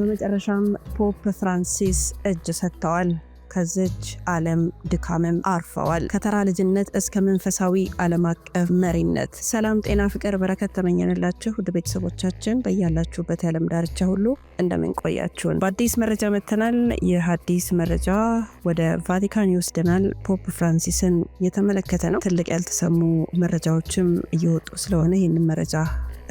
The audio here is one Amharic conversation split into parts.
በመጨረሻም ፖፕ ፍራንሲስ እጅ ሰጥተዋል። ከዚች ዓለም ድካምም አርፈዋል። ከተራ ልጅነት እስከ መንፈሳዊ ዓለም አቀፍ መሪነት። ሰላም፣ ጤና፣ ፍቅር፣ በረከት ተመኘንላችሁ ውድ ቤተሰቦቻችን በያላችሁበት የዓለም ዳርቻ ሁሉ እንደምንቆያችሁን በአዲስ መረጃ መጥተናል። ይህ አዲስ መረጃ ወደ ቫቲካን ይወስደናል። ፖፕ ፍራንሲስን የተመለከተ ነው። ትልቅ ያልተሰሙ መረጃዎችም እየወጡ ስለሆነ ይህንን መረጃ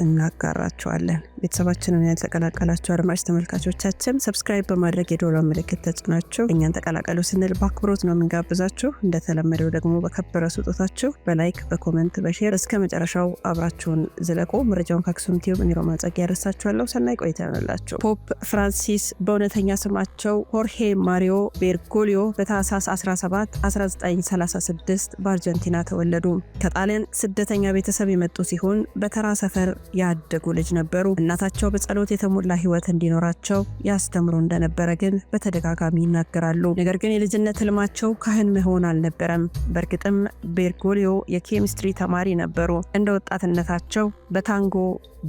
እናጋራችኋለን። ቤተሰባችንን ያልተቀላቀላችሁ አድማጭ ተመልካቾቻችን ሰብስክራይብ በማድረግ የዶላ ምልክት ተጭናችሁ እኛን ተቀላቀሉ ስንል በአክብሮት ነው የምንጋብዛችሁ። እንደተለመደው ደግሞ በከበረ ስጦታችሁ በላይክ በኮመንት በሼር እስከ መጨረሻው አብራችሁን ዝለቁ። መረጃውን ከአክሱም ቲዩብ እኔ ሮማን ጸጋ ያደርሳችኋለሁ። ሰናይ ቆይታ ይሆንላችሁ። ፖፕ ፍራንሲስ በእውነተኛ ስማቸው ሆርሄ ማሪዮ ቤርጎሊዮ በታህሳስ 17 1936 በአርጀንቲና ተወለዱ። ከጣሊያን ስደተኛ ቤተሰብ የመጡ ሲሆን በተራ ሰፈር ያደጉ ልጅ ነበሩ። እናታቸው በጸሎት የተሞላ ህይወት እንዲኖራቸው ያስተምሩ እንደነበረ ግን በተደጋጋሚ ይናገራሉ። ነገር ግን የልጅነት ህልማቸው ካህን መሆን አልነበረም። በእርግጥም ቤርጎሊዮ የኬሚስትሪ ተማሪ ነበሩ። እንደ ወጣትነታቸው በታንጎ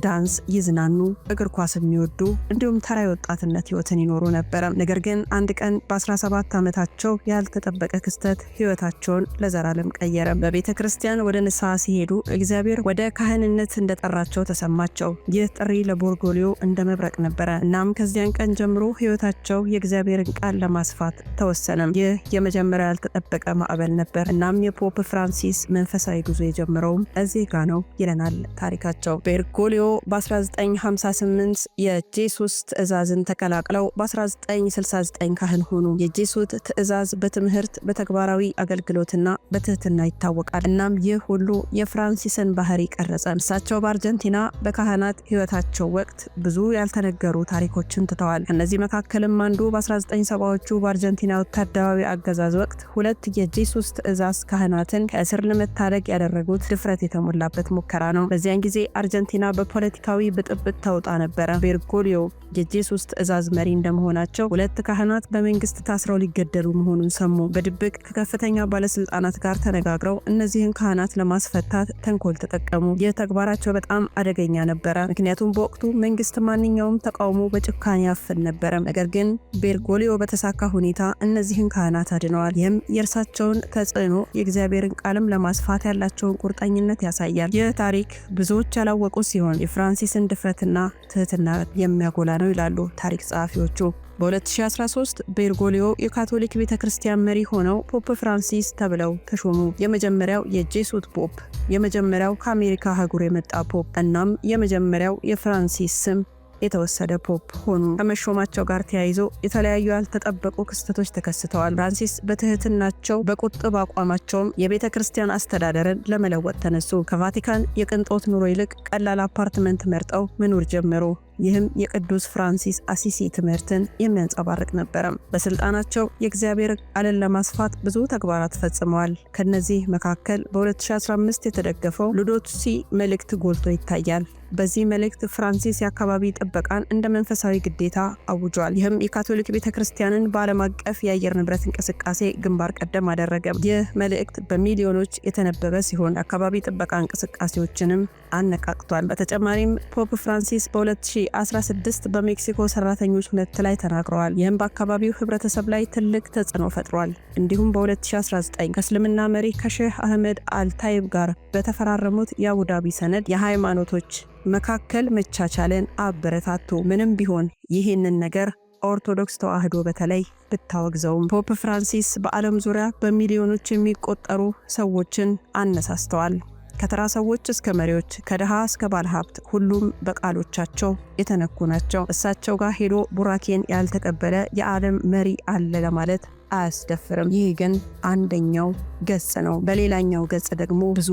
ዳንስ ይዝናኑ፣ እግር ኳስ የሚወዱ እንዲሁም ተራ የወጣትነት ህይወትን ይኖሩ ነበረ። ነገር ግን አንድ ቀን በ17 ዓመታቸው ያልተጠበቀ ክስተት ህይወታቸውን ለዘላለም ቀየረ። በቤተ ክርስቲያን ወደ ንስሐ ሲሄዱ እግዚአብሔር ወደ ካህንነት እንደጠራቸው ተሰማቸው። ይህ ጥሪ ለቦርጎሊዮ እንደ መብረቅ ነበረ። እናም ከዚያን ቀን ጀምሮ ህይወታቸው የእግዚአብሔርን ቃል ለማስፋት ተወሰነም። ይህ የመጀመሪያ ያልተጠበቀ ማዕበል ነበር። እናም የፖፕ ፍራንሲስ መንፈሳዊ ጉዞ የጀመረውም እዚህ ጋ ነው ይለናል ታሪካቸው። ቤርጎሊዮ በ1958 የጄሱስ ትእዛዝን ተቀላቅለው በ1969 ካህን ሆኑ። የጄሱስ ትእዛዝ በትምህርት በተግባራዊ አገልግሎትና በትህትና ይታወቃል። እናም ይህ ሁሉ የፍራንሲስን ባህሪ ቀረጸ። እሳቸው በአርጀንቲና በካህናት ህይወታቸው ወቅት ብዙ ያልተነገሩ ታሪኮችን ትተዋል። ከእነዚህ መካከልም አንዱ በ1970ዎቹ በአርጀንቲና ወታደራዊ አገዛዝ ወቅት ሁለት የጄሱስ ትእዛዝ ካህናትን ከእስር ለመታደግ ያደረጉት ድፍረት የተሞላበት ሙከራ ነው። በዚያን ጊዜ አርጀንቲና በ ፖለቲካዊ ብጥብጥ ተውጣ ነበረ። ቤርጎሊዮ የጄሱስ ትእዛዝ መሪ እንደመሆናቸው ሁለት ካህናት በመንግስት ታስረው ሊገደሉ መሆኑን ሰሙ። በድብቅ ከከፍተኛ ባለስልጣናት ጋር ተነጋግረው እነዚህን ካህናት ለማስፈታት ተንኮል ተጠቀሙ። ይህ ተግባራቸው በጣም አደገኛ ነበረ፣ ምክንያቱም በወቅቱ መንግስት ማንኛውም ተቃውሞ በጭካኔ ያፍን ነበረ። ነገር ግን ቤርጎሊዮ በተሳካ ሁኔታ እነዚህን ካህናት አድነዋል። ይህም የእርሳቸውን ተጽዕኖ፣ የእግዚአብሔርን ቃልም ለማስፋት ያላቸውን ቁርጠኝነት ያሳያል። ይህ ታሪክ ብዙዎች ያላወቁ ሲሆን የፍራንሲስን ድፍረትና ትህትና የሚያጎላ ነው ይላሉ ታሪክ ጸሐፊዎቹ። በ2013 ቤርጎሊዮ የካቶሊክ ቤተ ክርስቲያን መሪ ሆነው ፖፕ ፍራንሲስ ተብለው ተሾሙ። የመጀመሪያው የጄሱት ፖፕ፣ የመጀመሪያው ከአሜሪካ አህጉር የመጣ ፖፕ እናም የመጀመሪያው የፍራንሲስ ስም የተወሰደ ፖፕ ሆኑ። ከመሾማቸው ጋር ተያይዞ የተለያዩ ያልተጠበቁ ክስተቶች ተከስተዋል። ፍራንሲስ በትህትናቸው በቁጥብ አቋማቸውም የቤተ ክርስቲያን አስተዳደርን ለመለወጥ ተነሱ። ከቫቲካን የቅንጦት ኑሮ ይልቅ ቀላል አፓርትመንት መርጠው መኖር ጀመሩ። ይህም የቅዱስ ፍራንሲስ አሲሲ ትምህርትን የሚያንጸባርቅ ነበረ። በስልጣናቸው የእግዚአብሔር ዓለን ለማስፋት ብዙ ተግባራት ፈጽመዋል። ከነዚህ መካከል በ2015 የተደገፈው ሉዶሲ መልእክት ጎልቶ ይታያል። በዚህ መልእክት ፍራንሲስ የአካባቢ ጥበቃን እንደ መንፈሳዊ ግዴታ አውጇል። ይህም የካቶሊክ ቤተ ክርስቲያንን በዓለም አቀፍ የአየር ንብረት እንቅስቃሴ ግንባር ቀደም አደረገም። ይህ መልእክት በሚሊዮኖች የተነበበ ሲሆን የአካባቢ ጥበቃ እንቅስቃሴዎችንም አነቃቅቷል። በተጨማሪም ፖፕ ፍራንሲስ በ2000 16 በሜክሲኮ ሰራተኞች ሁለት ላይ ተናግረዋል። ይህም በአካባቢው ህብረተሰብ ላይ ትልቅ ተጽዕኖ ፈጥሯል። እንዲሁም በ2019 ከእስልምና መሪ ከሼህ አህመድ አልታይብ ጋር በተፈራረሙት የአቡዳቢ ሰነድ የሃይማኖቶች መካከል መቻቻልን አበረታቱ። ምንም ቢሆን ይህንን ነገር ኦርቶዶክስ ተዋህዶ በተለይ ብታወግዘውም ፖፕ ፍራንሲስ በዓለም ዙሪያ በሚሊዮኖች የሚቆጠሩ ሰዎችን አነሳስተዋል። ከተራ ሰዎች እስከ መሪዎች፣ ከድሃ እስከ ባለሀብት ሁሉም በቃሎቻቸው የተነኩ ናቸው። እሳቸው ጋር ሄዶ ቡራኬን ያልተቀበለ የዓለም መሪ አለ ለማለት አያስደፍርም። ይህ ግን አንደኛው ገጽ ነው። በሌላኛው ገጽ ደግሞ ብዙ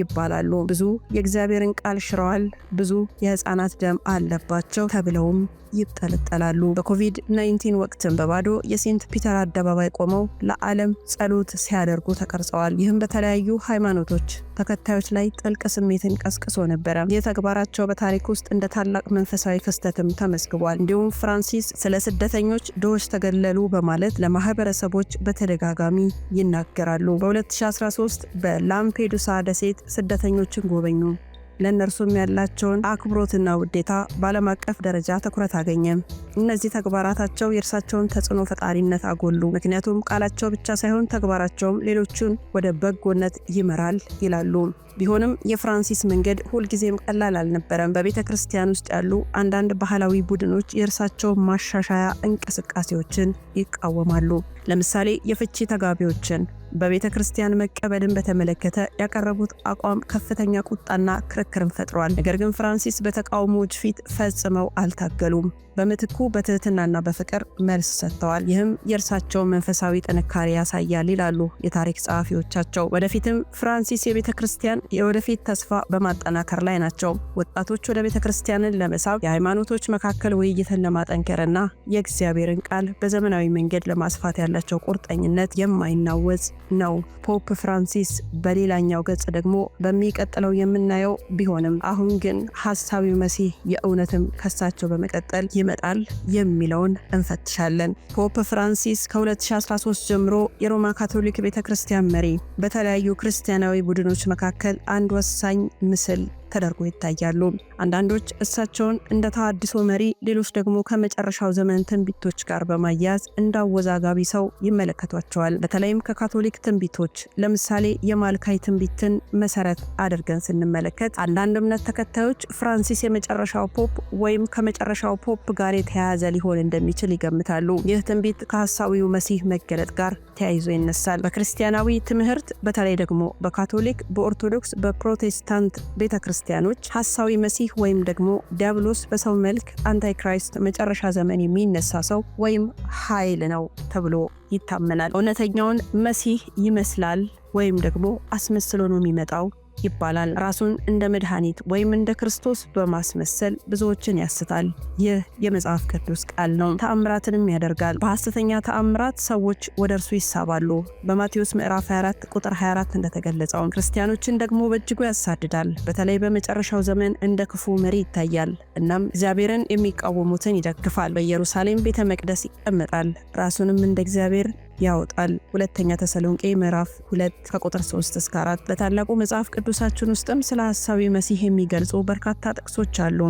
ይባላሉ። ብዙ የእግዚአብሔርን ቃል ሽረዋል፣ ብዙ የህፃናት ደም አለባቸው ተብለውም ይጠለጠላሉ። በኮቪድ-19 ወቅትም በባዶ የሴንት ፒተር አደባባይ ቆመው ለዓለም ጸሎት ሲያደርጉ ተቀርጸዋል። ይህም በተለያዩ ሃይማኖቶች ተከታዮች ላይ ጥልቅ ስሜትን ቀስቅሶ ነበረ። ይህ ተግባራቸው በታሪክ ውስጥ እንደ ታላቅ መንፈሳዊ ክስተትም ተመዝግቧል። እንዲሁም ፍራንሲስ ስለ ስደተኞች ድሆች ተገለሉ በማለት ለማህበረሰቦች በተደጋጋሚ ይናገራሉ። በ2013 በላምፔዱሳ ደሴት ስደተኞችን ጎበኙ። ለእነርሱም ያላቸውን አክብሮትና ውዴታ በዓለም አቀፍ ደረጃ ትኩረት አገኘ። እነዚህ ተግባራታቸው የእርሳቸውን ተጽዕኖ ፈጣሪነት አጎሉ፣ ምክንያቱም ቃላቸው ብቻ ሳይሆን ተግባራቸውም ሌሎቹን ወደ በጎነት ይመራል ይላሉ። ቢሆንም የፍራንሲስ መንገድ ሁልጊዜም ቀላል አልነበረም። በቤተ ክርስቲያን ውስጥ ያሉ አንዳንድ ባህላዊ ቡድኖች የእርሳቸው ማሻሻያ እንቅስቃሴዎችን ይቃወማሉ። ለምሳሌ የፍቺ ተጋቢዎችን በቤተ ክርስቲያን መቀበልን በተመለከተ ያቀረቡት አቋም ከፍተኛ ቁጣና ክርክርን ፈጥሯል። ነገር ግን ፍራንሲስ በተቃውሞዎች ፊት ፈጽመው አልታገሉም። በምትኩ በትህትናና በፍቅር መልስ ሰጥተዋል። ይህም የእርሳቸው መንፈሳዊ ጥንካሬ ያሳያል ይላሉ የታሪክ ጸሐፊዎቻቸው። ወደፊትም ፍራንሲስ የቤተ ክርስቲያን የወደፊት ተስፋ በማጠናከር ላይ ናቸው። ወጣቶች ወደ ቤተ ክርስቲያንን ለመሳብ የሃይማኖቶች መካከል ውይይትን ለማጠንከርና የእግዚአብሔርን ቃል በዘመናዊ መንገድ ለማስፋት ያላቸው ቁርጠኝነት የማይናወዝ። ነው። ፖፕ ፍራንሲስ በሌላኛው ገጽ ደግሞ በሚቀጥለው የምናየው ቢሆንም አሁን ግን ሀሳቢ መሲህ የእውነትም ከሳቸው በመቀጠል ይመጣል የሚለውን እንፈትሻለን። ፖፕ ፍራንሲስ ከ2013 ጀምሮ የሮማ ካቶሊክ ቤተ ክርስቲያን መሪ፣ በተለያዩ ክርስቲያናዊ ቡድኖች መካከል አንድ ወሳኝ ምስል ተደርጎ ይታያሉ። አንዳንዶች እሳቸውን እንደ ተሃድሶ መሪ፣ ሌሎች ደግሞ ከመጨረሻው ዘመን ትንቢቶች ጋር በማያያዝ እንዳወዛጋቢ ሰው ይመለከቷቸዋል። በተለይም ከካቶሊክ ትንቢቶች ለምሳሌ የማልካይ ትንቢትን መሰረት አድርገን ስንመለከት አንዳንድ እምነት ተከታዮች ፍራንሲስ የመጨረሻው ፖፕ ወይም ከመጨረሻው ፖፕ ጋር የተያያዘ ሊሆን እንደሚችል ይገምታሉ። ይህ ትንቢት ከሐሳዊው መሲህ መገለጥ ጋር ተያይዞ ይነሳል። በክርስቲያናዊ ትምህርት በተለይ ደግሞ በካቶሊክ፣ በኦርቶዶክስ፣ በፕሮቴስታንት ቤተ ክርስቲያኖች ሐሳዊ መሲህ ወይም ደግሞ ዲያብሎስ በሰው መልክ አንታይክራይስት መጨረሻ ዘመን የሚነሳ ሰው ወይም ኃይል ነው ተብሎ ይታመናል። እውነተኛውን መሲህ ይመስላል ወይም ደግሞ አስመስሎ ነው የሚመጣው ይባላል። ራሱን እንደ መድኃኒት ወይም እንደ ክርስቶስ በማስመሰል ብዙዎችን ያስታል። ይህ የመጽሐፍ ቅዱስ ቃል ነው። ተአምራትንም ያደርጋል። በሐሰተኛ ተአምራት ሰዎች ወደ እርሱ ይሳባሉ። በማቴዎስ ምዕራፍ 24 ቁጥር 24 እንደተገለጸው ክርስቲያኖችን ደግሞ በእጅጉ ያሳድዳል። በተለይ በመጨረሻው ዘመን እንደ ክፉ መሪ ይታያል። እናም እግዚአብሔርን የሚቃወሙትን ይደግፋል። በኢየሩሳሌም ቤተ መቅደስ ይቀመጣል። ራሱንም እንደ እግዚአብሔር ያወጣል። ሁለተኛ ተሰሎንቄ ምዕራፍ 2 ከቁጥር 3 እስከ 4። በታላቁ መጽሐፍ ቅዱሳችን ውስጥም ስለ ሐሳዊ መሲህ የሚገልጹ በርካታ ጥቅሶች አሉ።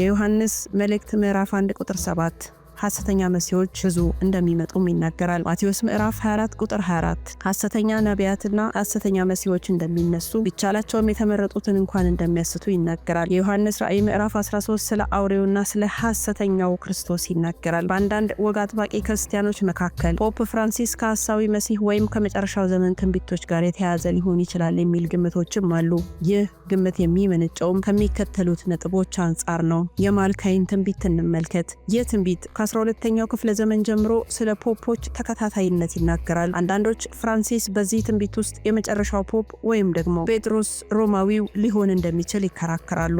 የዮሐንስ መልእክት ምዕራፍ 1 ቁጥር 7 ሐሰተኛ መሲዎች ብዙ እንደሚመጡም ይናገራል። ማቴዎስ ምዕራፍ 24 ቁጥር 24 ሐሰተኛ ነቢያትና ሐሰተኛ መሲዎች እንደሚነሱ ቢቻላቸውም የተመረጡትን እንኳን እንደሚያስቱ ይናገራል። የዮሐንስ ራእይ ምዕራፍ 13 ስለ አውሬውና ስለ ሐሰተኛው ክርስቶስ ይናገራል። በአንዳንድ ወግ አጥባቂ ክርስቲያኖች መካከል ፖፕ ፍራንሲስ ከሐሳዊ መሲህ ወይም ከመጨረሻው ዘመን ትንቢቶች ጋር የተያያዘ ሊሆን ይችላል የሚል ግምቶችም አሉ። ይህ ግምት የሚመነጨውም ከሚከተሉት ነጥቦች አንጻር ነው። የማልካይን ትንቢት እንመልከት። ይህ ትንቢት ከ12ኛው ክፍለ ዘመን ጀምሮ ስለ ፖፖች ተከታታይነት ይናገራል። አንዳንዶች ፍራንሲስ በዚህ ትንቢት ውስጥ የመጨረሻው ፖፕ ወይም ደግሞ ጴጥሮስ ሮማዊው ሊሆን እንደሚችል ይከራከራሉ።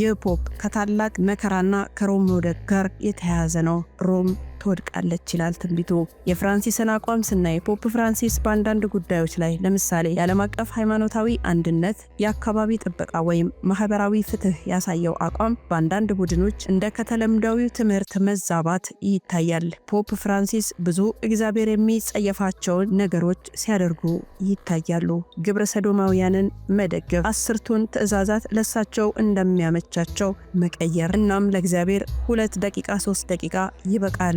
ይህ ፖፕ ከታላቅ መከራና ከሮም መውደቅ ጋር የተያያዘ ነው። ሮም ትወድቃለች ይላል ትንቢቱ። የፍራንሲስን አቋም ስናይ ፖፕ ፍራንሲስ በአንዳንድ ጉዳዮች ላይ ለምሳሌ የዓለም አቀፍ ሃይማኖታዊ አንድነት፣ የአካባቢ ጥበቃ ወይም ማህበራዊ ፍትህ ያሳየው አቋም በአንዳንድ ቡድኖች እንደ ከተለምዳዊ ትምህርት መዛባት ይታያል። ፖፕ ፍራንሲስ ብዙ እግዚአብሔር የሚጸየፋቸውን ነገሮች ሲያደርጉ ይታያሉ። ግብረ ሰዶማውያንን መደገፍ፣ አስርቱን ትእዛዛት ለሳቸው እንደሚያመቻቸው መቀየር እናም ለእግዚአብሔር ሁለት ደቂቃ ሶስት ደቂቃ ይበቃል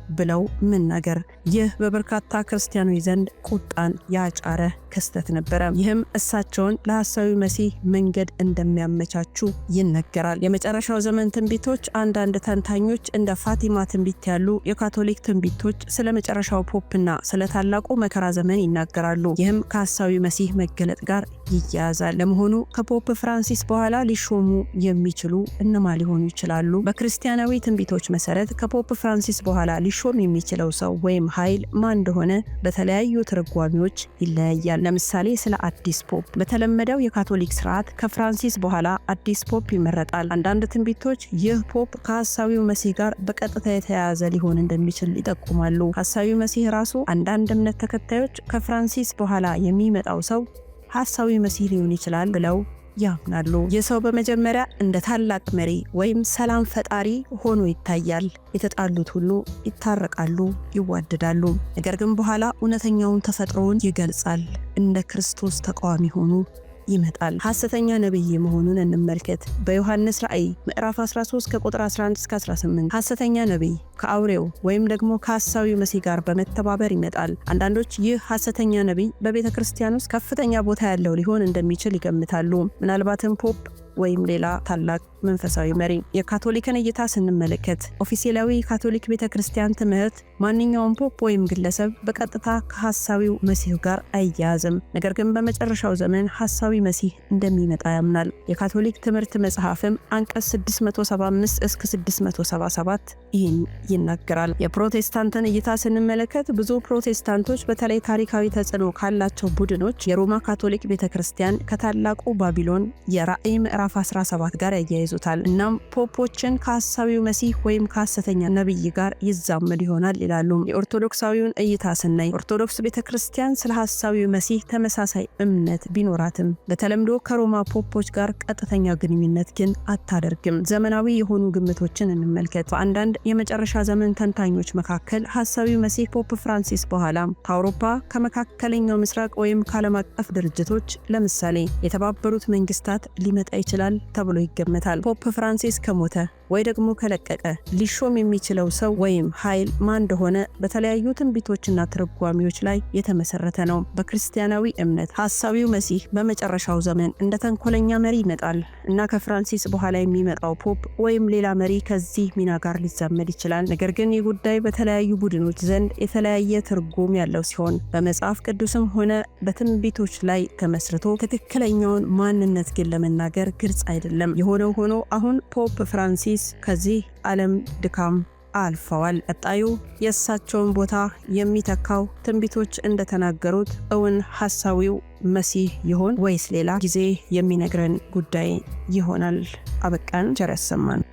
ብለው መናገር። ይህ በበርካታ ክርስቲያኖች ዘንድ ቁጣን ያጫረ ክስተት ነበረ። ይህም እሳቸውን ለሐሳዊ መሲህ መንገድ እንደሚያመቻቹ ይነገራል። የመጨረሻው ዘመን ትንቢቶች አንዳንድ ተንታኞች እንደ ፋቲማ ትንቢት ያሉ የካቶሊክ ትንቢቶች ስለ መጨረሻው ፖፕና ስለ ታላቁ መከራ ዘመን ይናገራሉ። ይህም ከሐሳዊ መሲህ መገለጥ ጋር ይያያዛል። ለመሆኑ ከፖፕ ፍራንሲስ በኋላ ሊሾሙ የሚችሉ እነማ ሊሆኑ ይችላሉ? በክርስቲያናዊ ትንቢቶች መሰረት ከፖፕ ፍራንሲስ በኋላ ሊሾ ሊሾም የሚችለው ሰው ወይም ኃይል ማን እንደሆነ በተለያዩ ትርጓሚዎች ይለያያል። ለምሳሌ ስለ አዲስ ፖፕ በተለመደው የካቶሊክ ስርዓት ከፍራንሲስ በኋላ አዲስ ፖፕ ይመረጣል። አንዳንድ ትንቢቶች ይህ ፖፕ ከሀሳዊው መሲህ ጋር በቀጥታ የተያያዘ ሊሆን እንደሚችል ይጠቁማሉ። ሀሳዊው መሲህ ራሱ አንዳንድ እምነት ተከታዮች ከፍራንሲስ በኋላ የሚመጣው ሰው ሀሳዊ መሲህ ሊሆን ይችላል ብለው ያምናሉ። የሰው በመጀመሪያ እንደ ታላቅ መሪ ወይም ሰላም ፈጣሪ ሆኖ ይታያል። የተጣሉት ሁሉ ይታረቃሉ፣ ይዋደዳሉ። ነገር ግን በኋላ እውነተኛውን ተፈጥሮውን ይገልጻል። እንደ ክርስቶስ ተቃዋሚ ሆኑ ይመጣል። ሐሰተኛ ነቢይ መሆኑን እንመልከት። በዮሐንስ ራእይ ምዕራፍ 13 ከቁጥር 11 እስከ 18 ሐሰተኛ ነቢይ ከአውሬው ወይም ደግሞ ከሐሳዊው መሲህ ጋር በመተባበር ይመጣል። አንዳንዶች ይህ ሐሰተኛ ነቢይ በቤተ ክርስቲያን ውስጥ ከፍተኛ ቦታ ያለው ሊሆን እንደሚችል ይገምታሉ። ምናልባትም ፖፕ ወይም ሌላ ታላቅ መንፈሳዊ መሪ። የካቶሊክን እይታ ስንመለከት ኦፊሴላዊ ካቶሊክ ቤተ ክርስቲያን ትምህርት ማንኛውም ፖፕ ወይም ግለሰብ በቀጥታ ከሐሳዊው መሲህ ጋር አያያዝም። ነገር ግን በመጨረሻው ዘመን ሐሳዊ መሲህ እንደሚመጣ ያምናል። የካቶሊክ ትምህርት መጽሐፍም አንቀጽ 675 እስከ 677 ይህን ይናገራል። የፕሮቴስታንትን እይታ ስንመለከት ብዙ ፕሮቴስታንቶች በተለይ ታሪካዊ ተጽዕኖ ካላቸው ቡድኖች የሮማ ካቶሊክ ቤተ ክርስቲያን ከታላቁ ባቢሎን የራእይ ምዕራፍ 17 ጋር ያያይዙታል። እናም ፖፖችን ከሐሳዊው መሲህ ወይም ከሐሰተኛ ነቢይ ጋር ይዛመድ ይሆናል ይላሉ። የኦርቶዶክሳዊውን እይታ ስናይ ኦርቶዶክስ ቤተ ክርስቲያን ስለ ሐሳዊው መሲህ ተመሳሳይ እምነት ቢኖራትም በተለምዶ ከሮማ ፖፖች ጋር ቀጥተኛ ግንኙነት ግን አታደርግም። ዘመናዊ የሆኑ ግምቶችን እንመልከት። በአንዳንድ የመጨረሻ ዘመን ተንታኞች መካከል ሐሳዊው መሲህ ፖፕ ፍራንሲስ በኋላ ከአውሮፓ ከመካከለኛው ምስራቅ ወይም ከዓለም አቀፍ ድርጅቶች ለምሳሌ የተባበሩት መንግስታት ሊመጣ ይችላል ተብሎ ይገመታል። ፖፕ ፍራንሲስ ከሞተ ወይ ደግሞ ከለቀቀ ሊሾም የሚችለው ሰው ወይም ኃይል ማን እንደሆነ በተለያዩ ትንቢቶችና ትርጓሚዎች ላይ የተመሰረተ ነው። በክርስቲያናዊ እምነት ሐሳዊው መሲህ በመጨረሻው ዘመን እንደ ተንኮለኛ መሪ ይመጣል እና ከፍራንሲስ በኋላ የሚመጣው ፖፕ ወይም ሌላ መሪ ከዚህ ሚና ጋር ሊዛመድ ይችላል። ነገር ግን ይህ ጉዳይ በተለያዩ ቡድኖች ዘንድ የተለያየ ትርጉም ያለው ሲሆን በመጽሐፍ ቅዱስም ሆነ በትንቢቶች ላይ ተመስርቶ ትክክለኛውን ማንነት ግን ለመናገር ግልጽ አይደለም። የሆነው ሆኖ አሁን ፖፕ ፍራንሲስ ሞሪስ ከዚህ ዓለም ድካም አልፈዋል። ቀጣዩ የእሳቸውን ቦታ የሚተካው ትንቢቶች እንደተናገሩት እውን ሐሳዊው መሲህ ይሆን ወይስ ሌላ ጊዜ የሚነግረን ጉዳይ ይሆናል። አበቃን። ቸር ያሰማን።